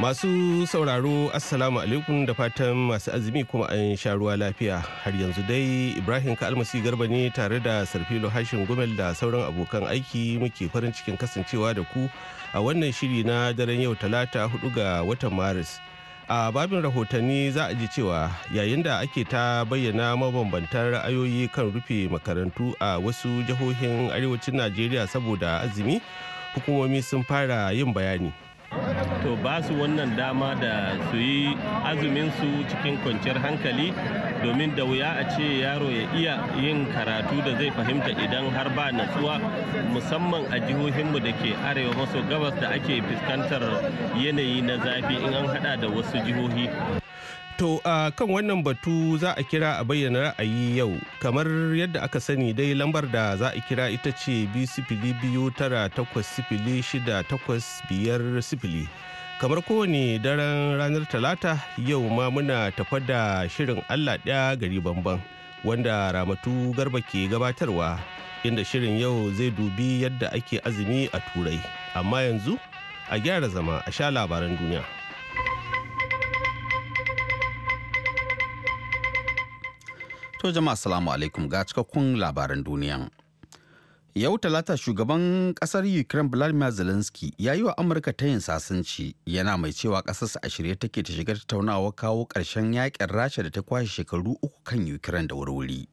Masu sauraro Assalamu alaikum da fatan masu azumi kuma an sha ruwa lafiya har yanzu dai Ibrahim Kalmasi Garba ne tare da Sarfilo Hashin Gumel da sauran abokan aiki muke farin cikin kasancewa da ku a wannan shiri na daren yau talata hudu ga watan Maris. A babin rahotanni za a ji cewa yayin da ake ta bayyana mabambantan ra'ayoyi kan rufe makarantu a wasu jihohin arewacin Najeriya saboda azumi, hukumomi sun fara yin bayani. to ba su wannan dama da su yi azumin su cikin kwanciyar hankali domin da wuya a ce yaro ya iya yin karatu da zai fahimta idan har ba natsuwa musamman a jihohinmu da ke arewa maso gabas da ake fuskantar yanayi na zafi in an hada da wasu jihohi To a uh, kan wannan batu za a kira a bayyana ra'ayi yau kamar yadda aka sani dai lambar da za a kira ita ce biyu sifili biyu tara takwas sifili shida takwas biyar sifili kamar kowane daren ranar talata yau ma muna tafa da shirin allah ɗaya gari bamban wanda ramatu garba ke gabatarwa inda shirin yau zai dubi yadda ake azumi a turai amma yanzu a gyara zama a sha labaran duniya to jama'a salamu alaikum ga cikakkun labaran duniya Yau talata shugaban kasar Ukraine Vladimir Zelensky ya yi wa Amurka ta yin sasanci yana mai cewa ƙasarsa a shirye take ta shiga tattaunawa kawo ƙarshen yakin Rasha da ta kwashe shekaru uku kan Ukraine da wurwuri.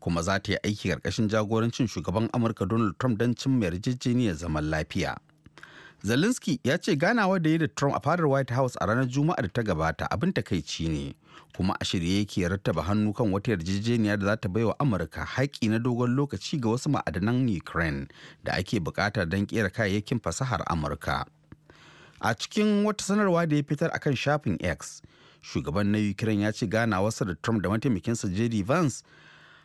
Kuma za ta yi aiki ƙarƙashin jagorancin shugaban Amurka Donald Trump don cimma yarjejeniyar zaman lafiya. Zelensky ya ce ganawa da yi da Trump a fadar White House a ranar Juma'ar da ta gabata abin takaici ne. kuma a shirye yake rattaba hannu kan wata yarjejeniya da za ta baiwa amurka haƙƙi na dogon lokaci ga wasu ma'adanan ukraine da ake buƙata don kera kayayyakin fasahar amurka a cikin wata sanarwa da ya fitar akan shafin x shugaban na ukraine ya ce gana wasu da trump da mataimakinsa jerry vance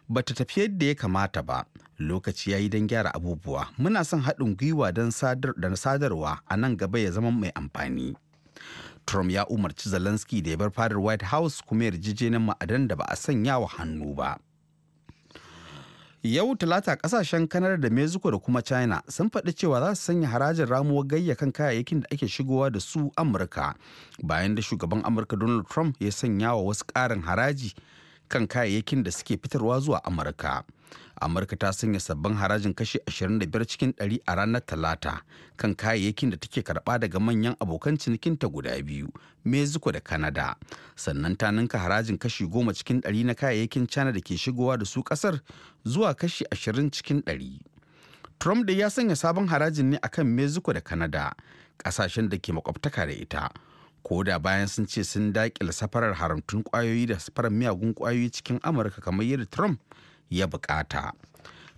ba ta tafi yadda ya kamata ba lokaci ya yi don gyara abubuwa muna son haɗin gwiwa don sadarwa a nan gaba ya zama mai amfani. Trump ya umarci Zelensky da ya bar fadar White House kuma yarjejeniyar ma'adan da ba a sanya wa hannu ba. Yau Talata kasashen Kanar da Mexico da kuma China sun faɗi cewa za su sanya harajin ramuwar gayya kan kayayyakin da ake shigowa da su Amurka bayan da shugaban Amurka Donald Trump ya sanya wa wasu ƙarin haraji kan kayayyakin da suke fitarwa zuwa amurka amurka ta sanya sabbin harajin kashi 25 cikin 100 a ranar talata kan kayayyakin da take karba daga manyan abokan cinikinta guda biyu mexico da canada sannan ta ninka harajin kashi 10 cikin 100 na kayayyakin china da ke shigowa da su kasar zuwa kashi 20 cikin 100 trump da ya sanya sabon harajin ne akan mexico da canada kasashen da ke makwabtaka da ita ko da bayan sun ce sun dakila safarar haramtun kwayoyi da safarar miyagun kwayoyi cikin amurka kamar yadda trump ya bukata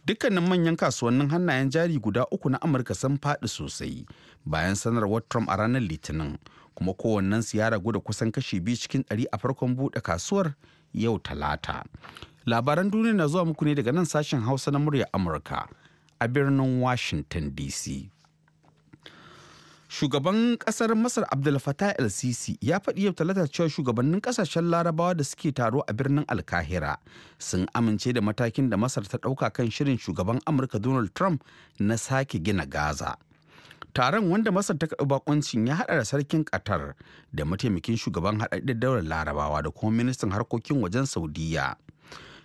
dukkanin manyan kasuwannin hannayen jari guda uku na amurka sun faɗi sosai bayan sanarwar trump a ranar litinin kuma su ya ragu da kusan kashi biyu cikin ɗari a farkon buɗe kasuwar yau talata labaran duniya na zuwa muku ne daga nan sashen hausa na murya amurka a birnin washington dc shugaban kasar masar abdul fatah el sisi ya faɗi yau talata cewa shugabannin kasashen larabawa da suke taro a birnin alkahira sun amince da matakin da masar ta ɗauka kan shirin shugaban amurka donald trump na sake gina gaza taron wanda masar ta kaɗu bakoncin ya haɗa da sarkin qatar da mataimakin shugaban haɗaɗɗen daular larabawa da kuma ministan harkokin wajen saudiya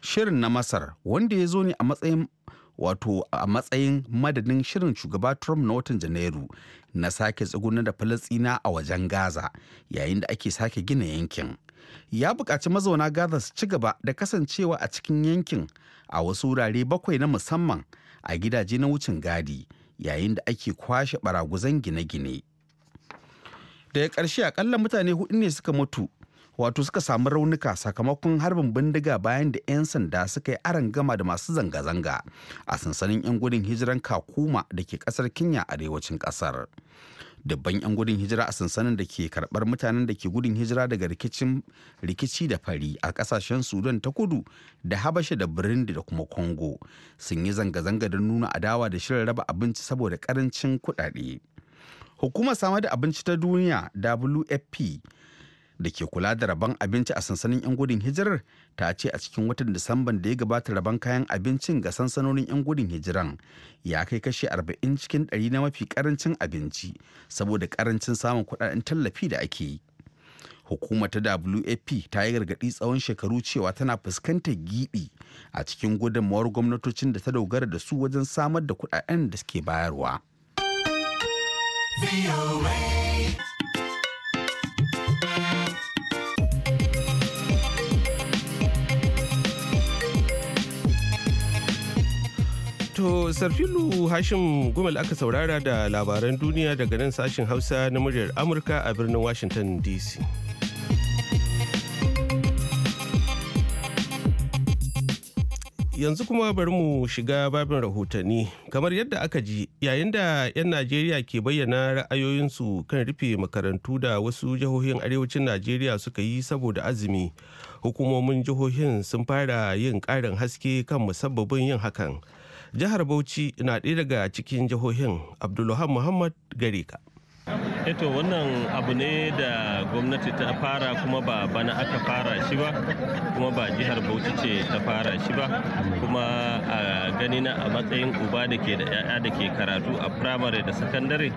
shirin na masar wanda ya zo ne a matsayin wato a matsayin madadin shirin shugaba trump na watan janairu na sake tsugunar da falastina a wajen gaza yayin da ake sake gina yankin ya bukaci mazauna gaza su ci gaba da kasancewa a cikin yankin a wasu wurare bakwai na musamman a gidaje na wucin gadi yayin da ake kwashe baraguzan gine-gine da daga ƙarshe akalla mutane hudu ne suka mutu wato suka samu raunuka sakamakon harbin bindiga bayan da 'yan sanda suka yi aron gama da masu zanga-zanga a sansanin 'yan gudun hijiran kakuma da ke kasar kenya arewacin kasar dubban 'yan gudun hijira a sansanin da ke karbar mutanen da ke gudun hijira daga rikicin rikici da fari a kasashen sudan ta kudu da habasha da birindi da kuma kongo sun yi zanga-zanga don nuna adawa da shirin raba abinci saboda karancin kudade hukumar samar da abinci ta duniya wfp da ke kula da rabon abinci a sansanin 'yan gudun hijirar ta ce a cikin watan disamban da ya gabata rabon kayan abincin ga sansanonin 'yan gudun hijiran ya kai kashe 40 cikin 100 na mafi karancin abinci saboda karancin samun kudaden tallafi da ake yi hukumar ta WAP ta yi gargaɗi tsawon shekaru cewa tana fuskantar giɓi a cikin gudunmawar gwamnatocin da ta dogara da su wajen samar da kudaden da suke bayarwa. To Sarfilu Hashim Gumal aka saurara da labaran duniya daga nan sashen Hausa na muryar Amurka a birnin Washington DC. Yanzu kuma bari mu shiga babin rahotanni. Kamar yadda aka ji, yayin da 'yan Najeriya ke bayyana ra'ayoyinsu kan rufe makarantu da wasu jihohin arewacin Najeriya suka yi saboda azumi, hukumomin jihohin sun fara yin ƙarin haske kan musabbabin yin hakan. jihar bauchi na ɗaya daga cikin jihohin abdulluhan muhammad ka. eto wannan abu ne da gwamnati ta fara kuma ba bana aka fara shi ba kuma ba jihar bauchi ce ta fara shi ba kuma a gani na a matsayin uba da ke da 'ya'ya da ke karatu a firamare da sakandare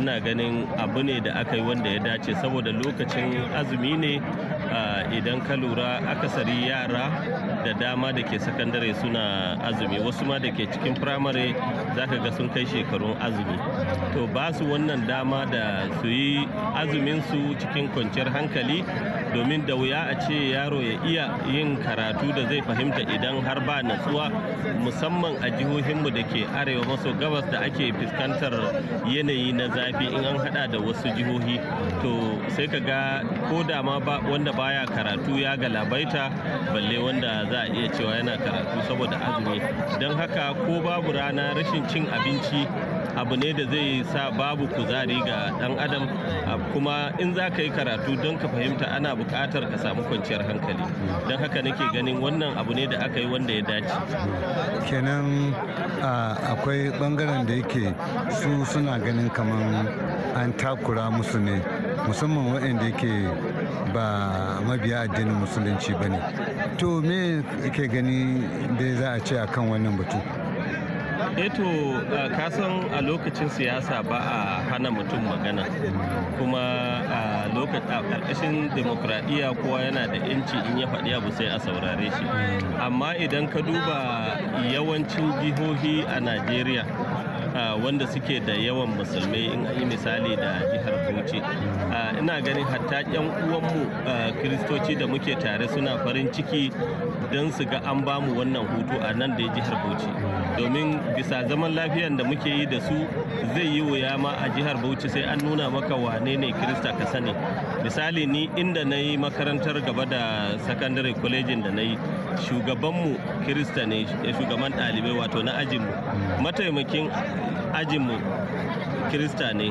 ina ganin abu ne da aka yi wanda ya dace saboda lokacin azumi ne idan ka lura akasari yara da dama da ke sakandare suna azumi wasu ma da ke cikin firamare zaka ga sun kai shekarun azumi to ba su wannan dama da su yi azuminsu cikin kwanciyar hankali domin da wuya a ce yaro ya iya yin karatu da zai fahimta idan har ba natsuwa musamman a jihohinmu da ke arewa maso gabas da ake fuskantar yanayi na zafi in an hada da wasu jihohi to sai ka ga ko da ma wanda baya karatu ya galabaita balle wanda za a iya cewa yana karatu saboda azumi don haka ko babu rana rashin cin abinci abu ne da zai sa babu kuzari ga dan adam kuma in za ka yi karatu don ka fahimta ana buƙatar ka samu kwanciyar hankali don haka nake ganin wannan abu ne da aka yi wanda ya dace kenan akwai bangaren da yake su suna ganin kamar an takura musu ne musamman waɗanda yake ba mabiya addinin musulunci ba ne to me yake gani da za a ce akan wannan batu eto eh kasan a lokacin siyasa ba a hana mutum magana kuma a lokacin karkashin demokradiyya kowa yana da yanci in ya faɗi abu sai a saurare shi amma idan ka duba yawancin jihohi a najeriya wanda suke da yawan musulmai in yi misali da jihar bauchi ina ganin hatta yan uwanmu kiristoci da muke tare suna farin ciki don su ga an bamu wannan hutu a nan da ya jihar Bauchi domin bisa zaman lafiyan da muke yi da su zai yi wuya ma a jihar Bauchi sai an nuna maka wane ne Kirista ka sani misali ni inda na yi makarantar gaba da sakandare kwalejin da na yi shugabanmu Kirista ne shugaban ɗalibai wato na ajinmu mataimakin ajinmu kirista ne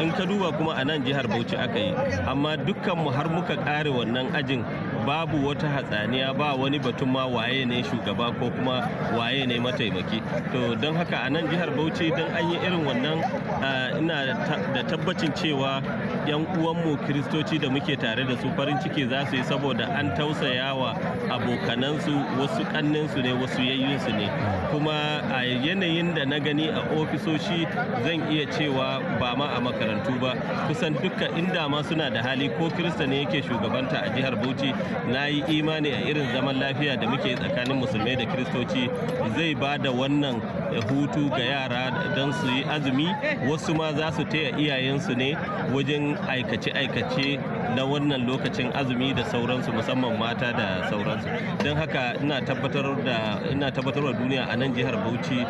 in ka duba kuma a nan jihar bauchi aka yi amma dukkanmu har muka kare wannan ajin babu wata hatsaniya ba wani batun ma waye ne shugaba ko kuma waye ne mataimaki to don haka a nan jihar bauchi don an yi irin wannan eh, ina da tabbacin cewa yan uwanmu kiristoci da muke tare da su farin ciki za su yi saboda an tausaya wa abokanansu wasu kanninsu ne wasu yayyunsu ne kuma a yanayin da na gani a ofisoshi zan iya cewa ba ma a makarantu ba kusan duka inda ma suna da hali ko kirista ne yake shugabanta a jihar bauchi na yi imani a irin zaman lafiya da muke tsakanin musulmai da kiristoci zai ba da wannan hutu ga yara don su yi azumi wasu ma za su taya iyayensu ne wajen aikace-aikace na wannan lokacin azumi da sauransu musamman mata da sauransu don haka ina tabbatar da duniya a nan jihar bauchi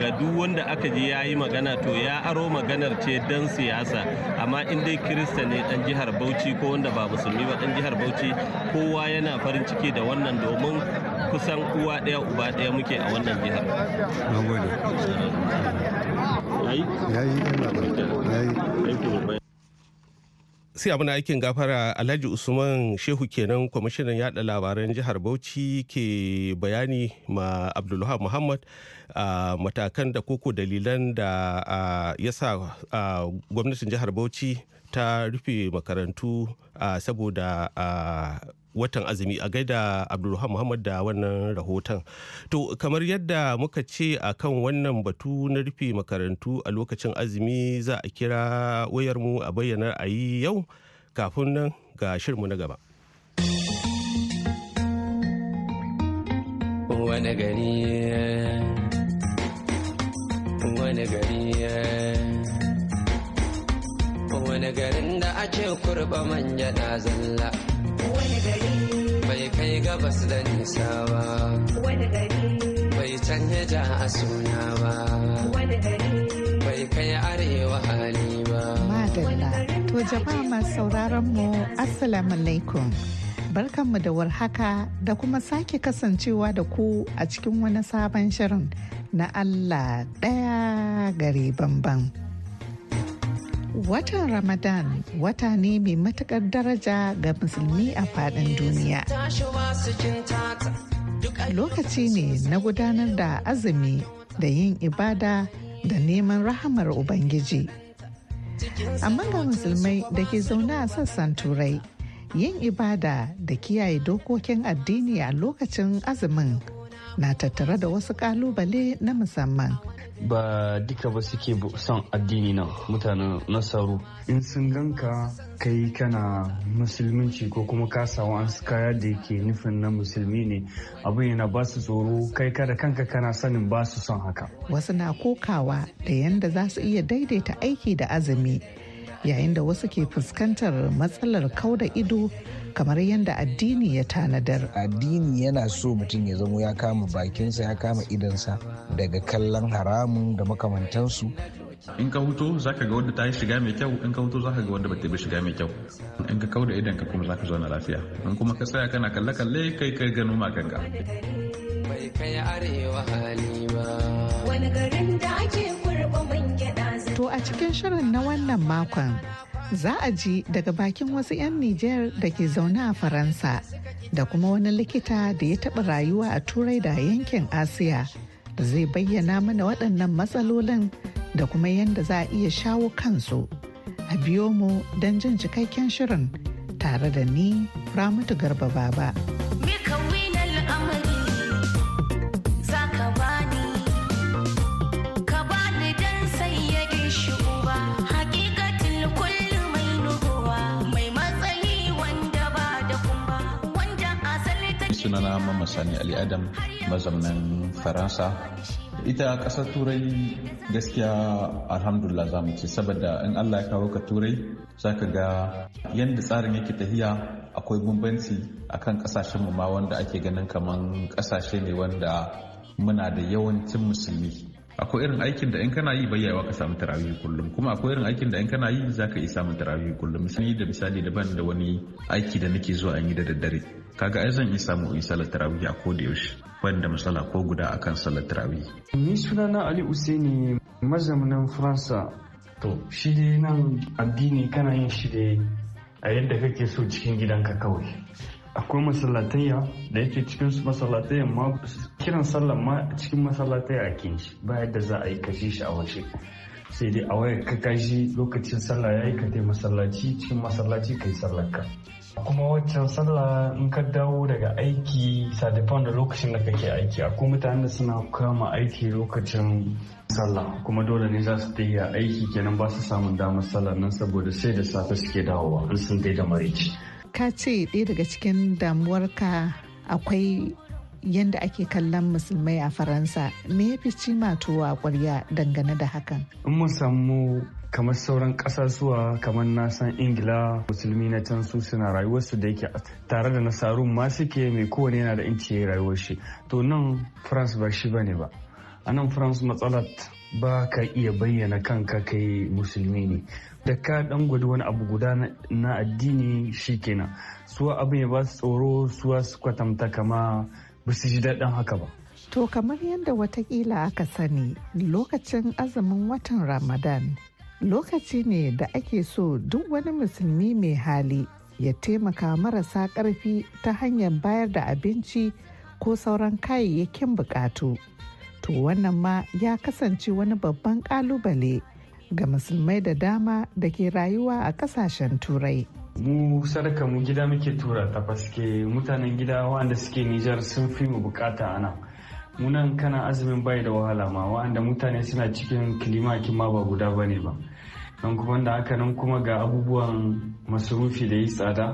ga duk wanda aka je ya yi magana to ya aro maganar ce don siyasa amma in dai kirista ne dan jihar bauchi ko wanda ba musulmi ba dan jihar bauchi kowa yana farin ciki da wannan domin kusan uwa ɗaya uba ɗaya muke a wannan jihar. sai abu na aikin gafara alhaji usman shehu kenan kwamishinan yada labaran jihar bauchi ke bayani ma abdullahi muhammad a matakan da koko dalilan da ya sa gwamnatin jihar bauchi ta rufe makarantu saboda watan azumi a gaida abdulrahman muhammad da wannan rahoton to kamar yadda muka ce a kan wannan batu na rufe makarantu a lokacin azumi za a kira wayarmu a bayyana a yi yau kafin nan ga shirmu na gaba wani gari wani gari wani garin da ake kurba manja da zalla wani gari bai kai gabas da nisa ba wani gari bai canje ja a suna ba wani gari bai kai arewa hali ba madalla to jama'a masu sauraron mu assalamu alaikum barkanmu da warhaka da kuma sake kasancewa da ku a cikin wani sabon shirin na Allah ɗaya gari bambam. Watan Ramadan wata ne mai matukar daraja ga musulmi a faɗin duniya. Lokaci ne na gudanar da azumi da yin ibada da neman rahamar Ubangiji. Amma ga musulmai da ke zaune a sassan turai, yin ibada da kiyaye dokokin addini a lokacin azumin na tattare da wasu kalubale na musamman ba duka ba suke son addini nan mutanen nasaru in sun ganka kai kana musulminci ko kuma ka samu an kaya da yake nufin na musulmi ne abin yana ba su tsoro kai kada kanka kana sanin ba su son haka wasu na kokawa da yanda za su iya daidaita aiki da azumi yayin da wasu ke fuskantar matsalar kauda ido kamar yadda addini ya tanadar. Addini yana so mutum ya zamo ya kama bakinsa ya kama idansa daga kallon haramun da makamantansu. In ka huto za ka ga wanda ta yi shiga mai kyau, in ka huto za ka ga wanda ba ta shiga mai kyau. In ka kauda idan ka kuma za ka zauna lafiya. In kuma ka tsaya kana kalle-kalle kai kai gano maganka. Bai kai arewa hali ba. Wani garin da ake kurba man gyaɗa. To a cikin shirin na wannan makon za a ji daga bakin wasu 'yan Nijar da ke zaune a Faransa da kuma wani likita da ya taɓa rayuwa a Turai da yankin Asiya da zai bayyana mana waɗannan matsalolin da kuma yadda za a iya shawo kansu. A biyo mu don jin cikakken shirin tare da ni Ramatu Garba Baba. sani ali adam mazaunin faransa ita ƙasar turai gaskiya alhamdulillah za mu ce saboda in allah ya kawo ka turai za ka ga yadda tsarin yake tahiya akwai bambanci akan kasashen mu ma wanda ake ganin kamar kasashe ne wanda muna da yawancin musulmi akwai irin aikin da in kana yi bayyawa ka samu tarawih kullum kuma akwai irin aikin da in kana yi za ka iya samun tarawih kullum misali da misali daban da wani aiki da nake zuwa an yi da daddare kaga ai zan iya samu in salar tarawih a koda yaushe ban da matsala ko guda akan salar tarawih ni sunana ali usaini mazaunin faransa to shi dai nan addini kana yin shi dai a yadda kake so cikin gidanka kawai akwai masallatayya da yake cikin masallatayya ma kiran sallar ma cikin masallatayya a kinshi ba yadda za a yi kashe shi a waje sai dai a waya ka kashi lokacin sallah ya yi ka masallaci cikin masallaci ka yi sallar ka kuma waccan sallah in ka dawo daga aiki sadafan da lokacin da kake aiki akwai mutane da suna kama aiki lokacin sallah kuma dole ne za su tafiya aiki kenan ba su samun damar sallah nan saboda sai da safe suke dawowa in sun da marici ka ce ɗaya daga cikin damuwarka akwai yadda ake kallon musulmai a faransa me ya fi cimatuwa kwarya dangane da hakan in mu samu kamar sauran ƙasasuwa kamar nasan ingila musulmi na can su suna rayuwarsu da yake tare da nasarun ma suke mai kowane yana da inci ya rayuwar shi to nan france ba shi bane ba a nan france matsalar ba ka iya bayyana kanka kai musulmi ne da ka dan gwada wani abu guda na addini shi kenan suwa abin ya ba su tsoro suwa su kwatanta kama ba su ji daɗin haka ba to kamar yadda watakila aka sani lokacin azumin watan ramadan lokaci ne da ake so duk wani musulmi mai hali ya taimaka marasa ƙarfi ta hanyar bayar da abinci ko sauran kayayyakin bukatu. To wannan ma ya kasance wani babban ƙalubale ga musulmai da dama da ke rayuwa a ƙasashen turai. mu sadaka mu gida muke tura ta mutanen gida wanda suke nijar sun fi mu bukata a munan kana azumin bai da wahala ma wa'anda mutane suna cikin kilimakin ma ba guda ba ne ba don kuma da haka nan kuma ga abubuwan masurufi da yi tsada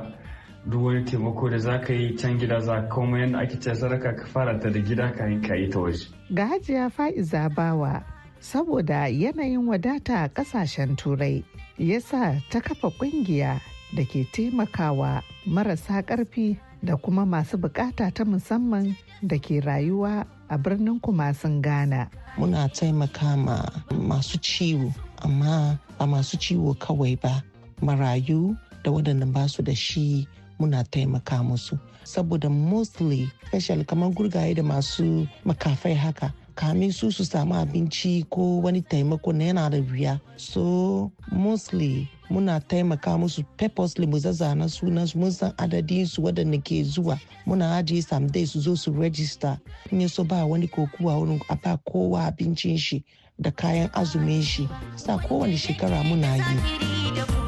duk wani taimako da za ka yi can gida za ka kuma yadda ake ce sadaka ka fara ta da gida ka yi ka yi ta waje. ga hajiya fa'iza bawa saboda yanayin wadata a kasashen turai yasa ta kafa kungiya da ke taimakawa marasa karfi da kuma masu bukata ta musamman da ke rayuwa a birnin kumasin Ghana. Muna taimaka ma masu ciwo, amma a masu ciwo kawai ba, marayu da waɗanda ba su da shi muna taimaka musu. Saboda mostly, special kamar gurgaye da masu makafai haka. kamin su su samu abinci ko wani taimako na yana da wuya so mostly muna taimaka musu purposely mu na sunan mun san adadin su wadanda ke zuwa muna ajiye samdai su zo su register in yaso ba wani kokuwa wurin a ba kowa abincin shi da kayan azumin shi sa kowane shekara muna yi.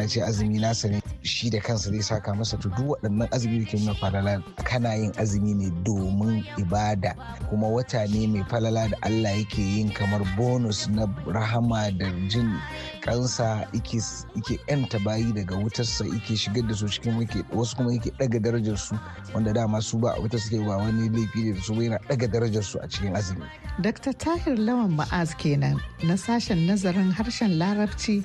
Allah ce azumi na sani shi da kansa zai saka masa to duk waɗannan azumi da ke nuna falala kana yin azumi ne domin ibada kuma wata ne mai falala da Allah yake yin kamar bonus na rahama da jin kansa yake yanta bayi daga wutarsa yake shigar da su cikin wasu kuma yake daga darajar su wanda dama su ba a wuta suke ba wani laifi da su yana daga darajar su a cikin azumi. Dr. Tahir Lawan Ma'az kenan na sashen nazarin harshen Larabci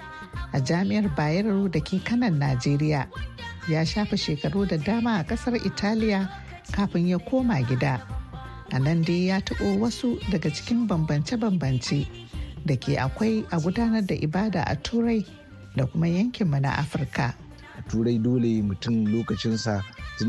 a jami'ar Bayero da ke kanan Najeriya. Ya shafa shekaru da dama a kasar Italiya kafin ya koma gida. A nan dai ya taɓo wasu daga cikin bambance-bambance da ke akwai a gudanar da ibada a Turai da kuma yankinmu na Afirka. Turai dole mutum lokacinsa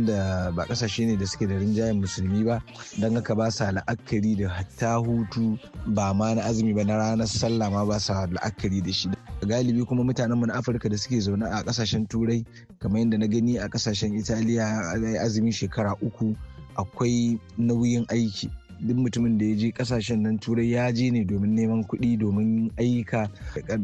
da ba kasashe ne da suke da rinjayen musulmi ba don haka ba sa la'akari da hatta hutu ba ma na azumi ba na ranar sallah ma ba sa la'akari da shi galibi kuma mutanenmu na afirka da suke zaune a kasashen turai kamar yadda na gani a kasashen italiya azumin shekara uku akwai nauyin aiki duk mutumin da ya je kasashen nan turai ya je ne domin neman kuɗi domin ayyuka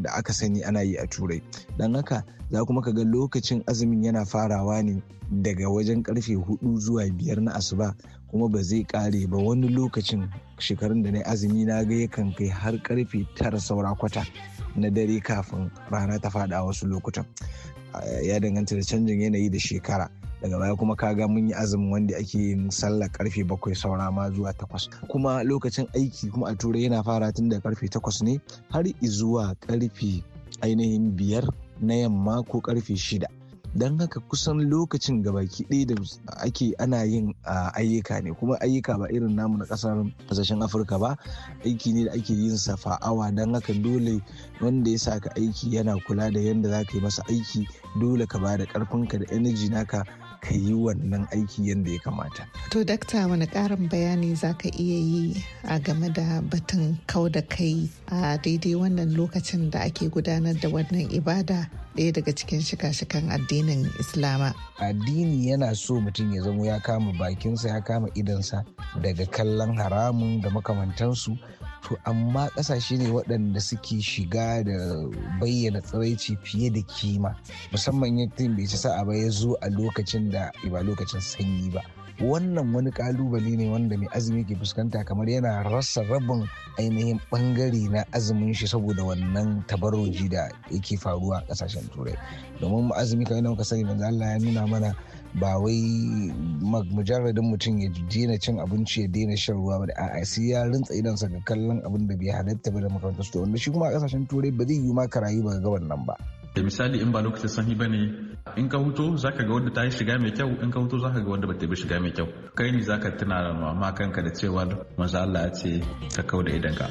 da aka sani ana yi a turai don haka za kuma ka ga lokacin azumin yana farawa ne daga wajen karfe hudu zuwa biyar na asuba kuma ba zai kare ba wani lokacin shekarun da na azumi na ga yakan kai har karfe tara saura kwata na dare kafin rana ta fada wasu lokutan ya danganta da canjin yanayi da shekara daga baya kuma kaga mun yi azumin wanda ake yin sallar karfe bakwai saura ma zuwa takwas kuma lokacin aiki kuma a turai yana fara tun da karfe takwas ne har zuwa karfe ainihin biyar na yamma ko karfe shida don haka kusan lokacin gabaki ɗaya da ake ana yin ayyuka ne kuma ayyuka ba irin namu na ƙasar ƙasashen afirka ba aiki ne da ake yin safa'awa don haka dole wanda ya sa ka aiki yana kula da yadda za ka yi masa aiki dole ka ba da ƙarfinka da energy naka ka yi wannan aiki yadda ya kamata. To dakta wani karin bayani za ka iya yi a game da batun kau da kai a daidai wannan lokacin da ake gudanar da wannan ibada ɗaya daga cikin shika-shikan addinin islama addini yana so mutum ya zamo ya kama bakinsa ya kama idansa daga kallon haramun da makamantansu to amma ƙasashe ne waɗanda suke shiga da bayyana tsiraici fiye da kima musamman yin bai ci sa'a ba ya zo a lokacin da ba lokacin sanyi ba wannan wani kalubale ne wanda mai azumi ke fuskanta kamar yana rasa rabin ainihin bangare na azumin shi saboda wannan tabarroji da yake faruwa a kasashen turai domin azumi kamar muka sani manzo Allah ya nuna mana ba wai mujarradin mutum ya daina cin abinci ya daina shan ruwa ba a sai ya rintsa sa ga kallon abin da bai halatta ba da makarantar su wanda shi kuma a kasashen turai ba zai yi ma karayu ba ga wannan ba da misali in ba lokacin sanyi ba ne in ka huto ka ga wanda ta yi shiga mai kyau in ka huto ka ga wanda bata yi shiga mai kyau kai ne za ka tuna ma kanka da cewa manzo Allah ya ce ka idanka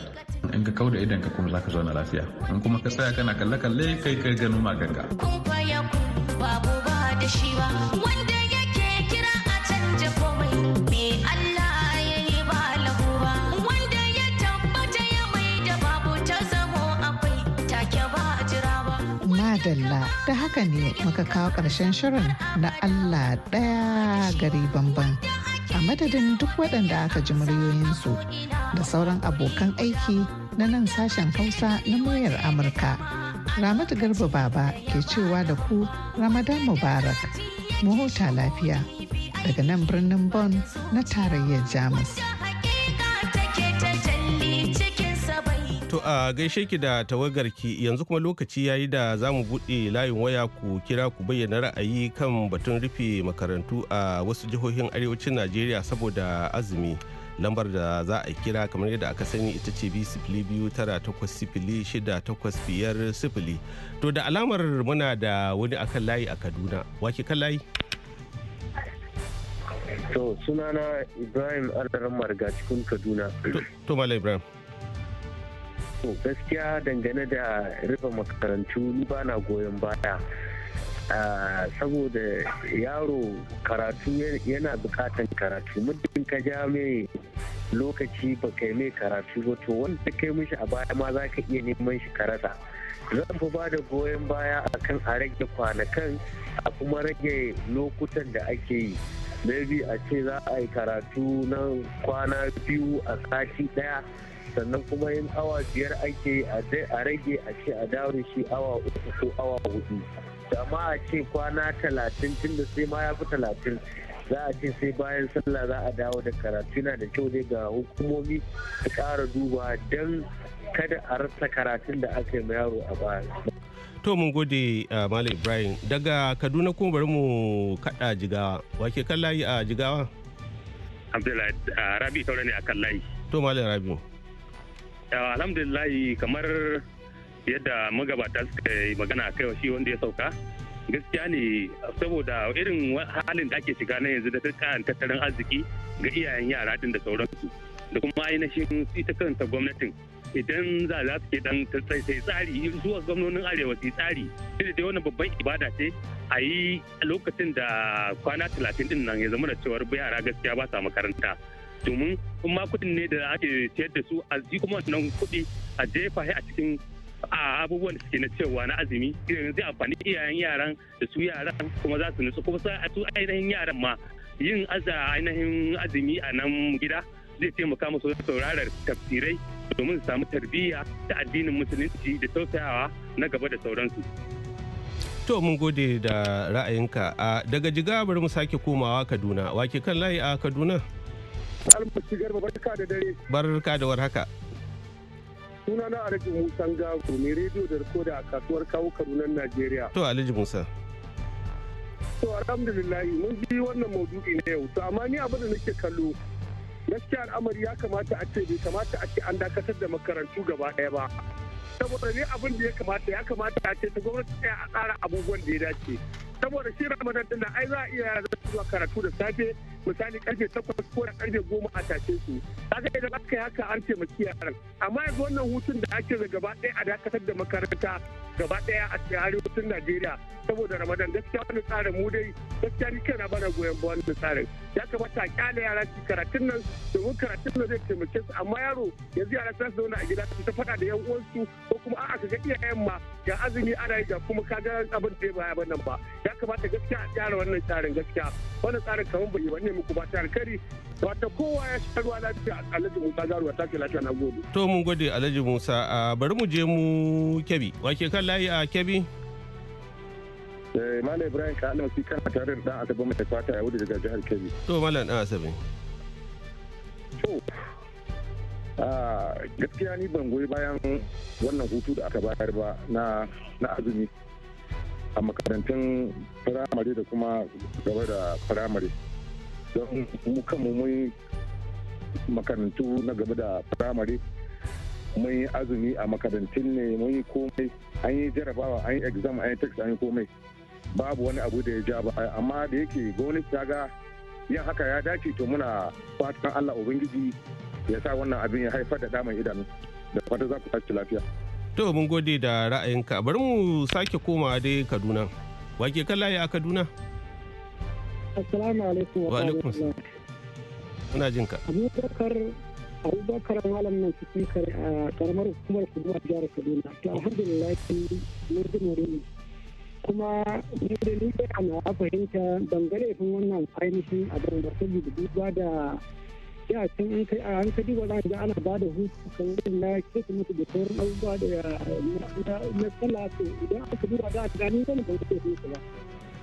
in ka kau da idanka kuma za zaka zauna lafiya in kuma ka tsaya kana kalle kalle kai kai ganin maganga wanda da haka ne muka kawo ƙarshen shirin na Allah ɗaya gari bamban a madadin duk waɗanda aka ji muryoyinsu da sauran abokan aiki na nan sashen Hausa na muryar Amurka. Ramatu Garba Baba ke cewa da ku Ramadan Mubarak, mu huta lafiya daga nan birnin Bon na tarayyar Jamus. To a gaishe ki da tawagar ki yanzu kuma lokaci ya yi da zamu mu buɗe layin waya ku kira ku bayyana ra'ayi kan batun rufe makarantu a wasu jihohin arewacin Najeriya saboda azumi. Lambar da za a kira kamar yadda aka sani ita ce biyu tara takwas sifili shida takwas biyar sifili. To da alamar muna da wani akan layi a Kaduna. Wake kan layi? To sunana Ibrahim Adaran ga cikin Kaduna. To Malam Ibrahim. gaskiya dangane da rufe makarantu ni ba na goyon baya. saboda yaro karatu yana bukatan karatu muddin ka ja mai lokaci ba kai mai karatu ba to wanda kai mishi a baya ma za ka iya neman shi karata zan fi ba da goyon baya akan a rage kwanakan a kuma rage lokutan da ake yi maybe a ce za a yi karatu na kwana biyu a sati daya sannan kuma yin awa biyar ake a rage a ce a dawo shi awa uku ko awa hudu amma a ce kwana talatin tunda sai ma ya fi talatin za a ce sai bayan sallah za a dawo da karatu yana da kyau dai ga hukumomi su kara duba don kada a rasa karatun da aka yi ma yaro a baya. to mun gode uh, malam ibrahim daga kaduna kuma bari mu kada jigawa wake kan layi a jigawa uh, rabi saura ne kan layi to malam rabi uh, alhamdulillah kamar yadda magabata suka yi magana kai shi wanda ya sauka gaskiya ne saboda irin halin da ake shiga na yanzu da tattalin tattalin arziki ga iyayen yara din da sauransu da kuma ainihin ita kanta gwamnatin idan za za su dan sai tsari zuwa gwamnonin arewa su tsari sai da wannan babban ibada ce a yi lokacin da kwana talatin din nan ya zama da cewar yara gaskiya ba sa makaranta domin kuma kuɗin ne da ake ciyar da su a ji kuma wannan kuɗi a jefa a cikin a abubuwan da suke na cewa na azumi irin zai amfani iyayen yaran da su yaran kuma za su nutsu kuma a su ainihin yaran ma yin aza ainihin azumi a nan gida zai taimaka musu saurarar tafsirai domin su samu tarbiyya ta addinin musulunci da tausayawa na gaba da sauransu. To mun gode da ra'ayinka a daga jiga bari mu sake komawa Kaduna wake kan layi a Kaduna. Almusi garba barka da dare. Barka da warhaka. Suna na Alhaji Musa Gago mai rediyo da rikoda a kasuwar kawo Kaduna Najeriya. To Alhaji Musa. To alhamdulillah mun bi wannan maudu'i na yau to amma ni abin da nake kallo gaskiya al'amari ya kamata a ce bai kamata a ce an dakatar da makarantu gaba ɗaya ba saboda ne abin da ya kamata ya kamata a ce ta gwamnati ɗaya a tsara abubuwan da ya dace saboda shi ramadan din ai za a iya yara zuwa karatu da safe misali karfe takwas ko da karfe goma a tashe su kaga idan aka yi haka an taimaki yaran amma yanzu wannan hutun da ake da gaba ɗaya a dakatar da makaranta gaba ɗaya a arewacin najeriya saboda ramadan gaskiya wani tsarin mu dai gaskiya ni kana bana goyon bayan wani tsarin ya kamata a kyale yara su karatun nan domin karatun nan zai taimake su amma yaro yanzu yara za su zauna a gida su ta faɗa da yan uwansu ko kuma a'a ka ga iyayen ma ga azumi ana yi da kuma ka ga abin da ya baya ba nan ba ya kamata gaskiya a tsara wannan tsarin gaskiya wannan tsarin kamar bai yi ba ne muku ba ta alkari wata kowa ya sha ruwa lafiya alhaji musa garuwa ke lafiya na gode to mun gode alhaji musa ah, bari mu je mu kebi wake kan layi a ah, kebi Eh, Malam Ibrahim ka alama kana tare da ɗan Asabe mai fata ya wuce daga jihar Kebbi. To Malam ɗan Asabe. To gaskiya ni ban goyi bayan wannan hutu da aka bayar ba na azumi a makarantun firamare da kuma gaba da firamare. Don mu kanmu mun makarantu na gaba da firamare mun yi azumi a makarantun ne mun yi komai an yi jarabawa an yi exam an yi text an yi komai babu wani abu da ya ja ba amma da yake gwamnati ta ga yin haka ya dace to muna fatan Allah ubangiji ya sa wannan abin ya haifar da damar idanu da fata za ku tashi lafiya to mun gode da ra'ayinka bari mu sake koma dai Kaduna kan layi a Kaduna assalamu alaikum wa alaikum muna jin ka abubakar abubakar malam nan su kare a karamar hukumar kudu a jihar kaduna to alhamdulillah mun ji ne kuma ni da ni da na fahimta dangane sun wannan ainihin a da saboda ba da ya can an kai a hankali ba za ga ana ba da hutu kan wurin na kesa mutu da sauran abubuwa da na sallah to idan aka duba za a gani wani da ba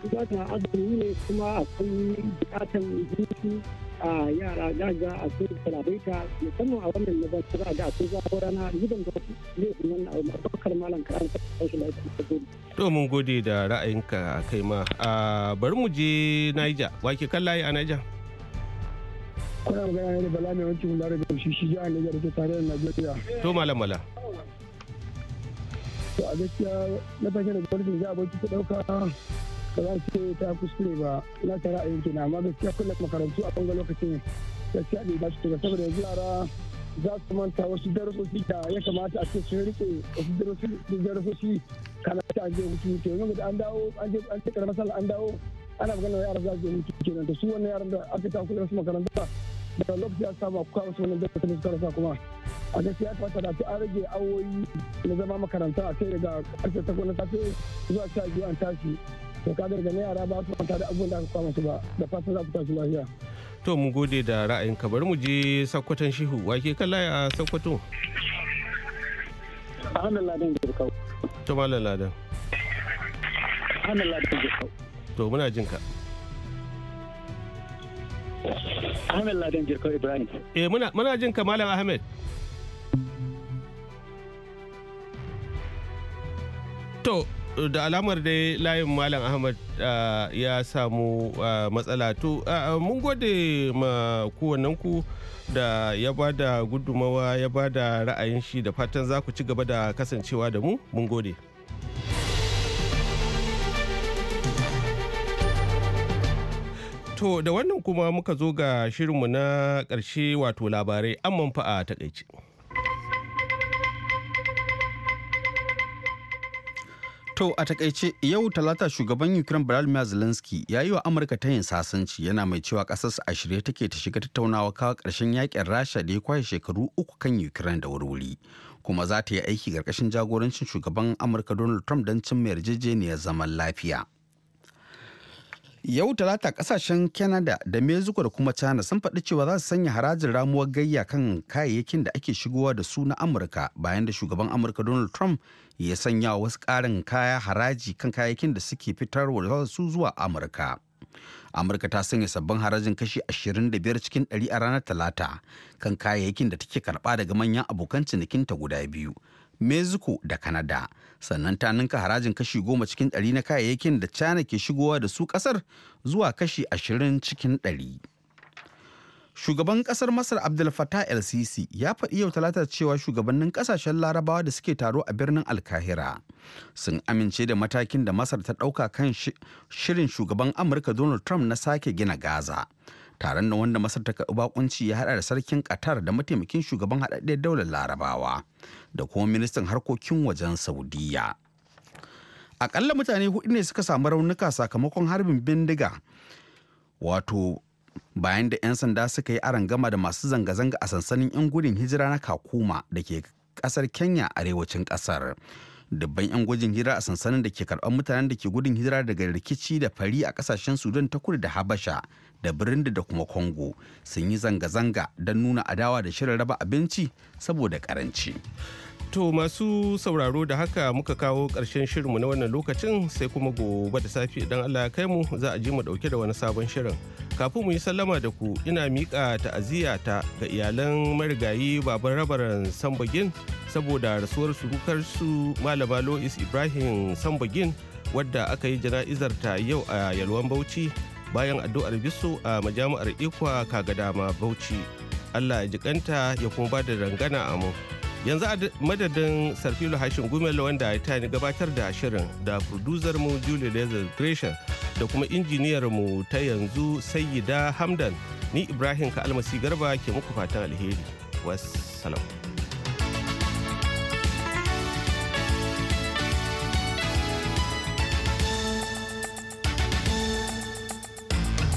bukatar azumi ne kuma akwai bukatar hutu a yara gaga a sun kalabaita musamman a wannan na ba a da akwai zafi rana gidan da ne wannan a mabakar malam karan kashi lafiya to mun gode da ra'ayinka kai ma bari mu je wa wake kan layi a naija. Kuna magana ne da Bala mai wankin hular da shi shi jihar Niger da ta tare da Najeriya. To malam mala. To a gaskiya na fashe da gwamnati za a bauki ta ɗauka ba za su ta kuskure ba na ta ra'ayin kenan amma gaskiya kullum makarantu a ɓangaren lokacin gaskiya bai ba su tuka saboda yanzu yara za su manta wasu darasoshi da ya kamata a ce sun rike wasu darasoshi kana ta an je hutu to yanzu da an dawo an je an tsakar masala an dawo ana magana da yara za su je hutu kenan da su wannan yaran da aka ta kuɗin su makaranta da lokaci ya samu akwai wasu wannan darasoshi da suka rasa kuma a gaskiya ta fata da an rage awoyi na zama makaranta a kai daga karfe takwas na safe zuwa sha biyu an tashi to ka daga na yara ba su manta da abubuwan da aka kwa su ba da fatan za ku tashi lafiya to mu gode da ra'ayin ka bari mu je sakkwaton shihu wake kan laya a sakkwato hannun ladan girkau to malam ladan hannun ladan girkau to muna jin ka ahmed ladan girkau ibrahim eh muna muna jin ka malam ahmed to da alamar dai layin Malam Ahmad ya samu matsala. To, mun gode ma kowannen ku da ya ba da gudumawa ya ba da ra'ayin shi da fatan za ku ci gaba da kasancewa da mu. Mun gode. To, da wannan kuma muka zo ga shirinmu na ƙarshe wato labarai amman fa'a a takaice. To a takaice yau talata shugaban Ukraine Volodymyr Zelensky ya yi wa Amurka ta yin sasanci yana mai cewa ƙasarsa a shirye take ta shiga tattaunawa kawo ƙarshen yakin Rasha da ya kwashe shekaru uku kan Ukraine da wuri-wuri Kuma za ta yi aiki ƙarƙashin jagorancin shugaban Amurka Donald Trump don cimma yarjejeniyar zaman lafiya. Yau talata kasashen Canada da Mexico da kuma China sun faɗi cewa za su sanya harajin ramuwar gayya kan kayayyakin da ake shigowa da su na Amurka bayan da shugaban Amurka Donald Trump ya sanya wasu karin kaya haraji kan kayayyakin da suke fitarwa da su zuwa Amurka. Amurka ta sanya sabbin harajin kashi 25 cikin 100 a ranar talata kan kayayyakin da take karba daga manyan abokan cinikinta guda biyu mexico da canada sannan ta ninka harajin kashi goma cikin ɗari na kayayyakin da china ke shigowa da su ƙasar zuwa kashi ashirin cikin ɗari. shugaban ƙasar masar abdul fattah el sisi ya faɗi yau talata cewa shugabannin ƙasashen larabawa da suke taro a birnin alkahira sun amince da matakin da masar ta ɗauka kan shirin shugaban amurka donald trump na sake gina gaza taron na wanda masar ta karɓi bakunci ya haɗa da sarkin qatar da mataimakin shugaban haɗaɗɗen daular larabawa da kuma ministan harkokin wajen saudiya akalla mutane hudu ne suka samu raunuka sakamakon harbin bindiga wato bayan da 'yan sanda suka yi gama da masu zanga-zanga a sansanin 'yan gudun hijira na kakuma da ke kasar kenya arewacin kasar dubban 'yan gwajin hira a sansanin da ke karɓar mutanen da ke gudun hira daga rikici da fari a kasashen sudan ta kudu da habasha da burundi da kuma congo sun yi zanga-zanga don nuna adawa da shirin raba abinci saboda karanci to masu sauraro da haka muka kawo ƙarshen shirinmu na wannan lokacin sai kuma gobe da safe idan allah ya kai mu za a ji mu ɗauke da wani sabon shirin kafin mu yi sallama da ku ina miƙa ta'aziyya ta ga iyalan marigayi baban rabaran sambagin saboda rasuwar su malaba lois ibrahim sambagin wadda aka yi jana'izar ta yau a yalwan bauchi bayan addu'ar bisu a majami'ar ikwa kagadama bauchi allah ya jikanta ya kuma ba da dangana a mu yanzu a madadin sarfilo hashin gumel wanda ya tani gabatar da shirin da producer mu julie lezer gresham da kuma injiniyar mu ta yanzu sayyida hamdan ni ibrahim ka almasi garba ke muku fatan alheri wassalam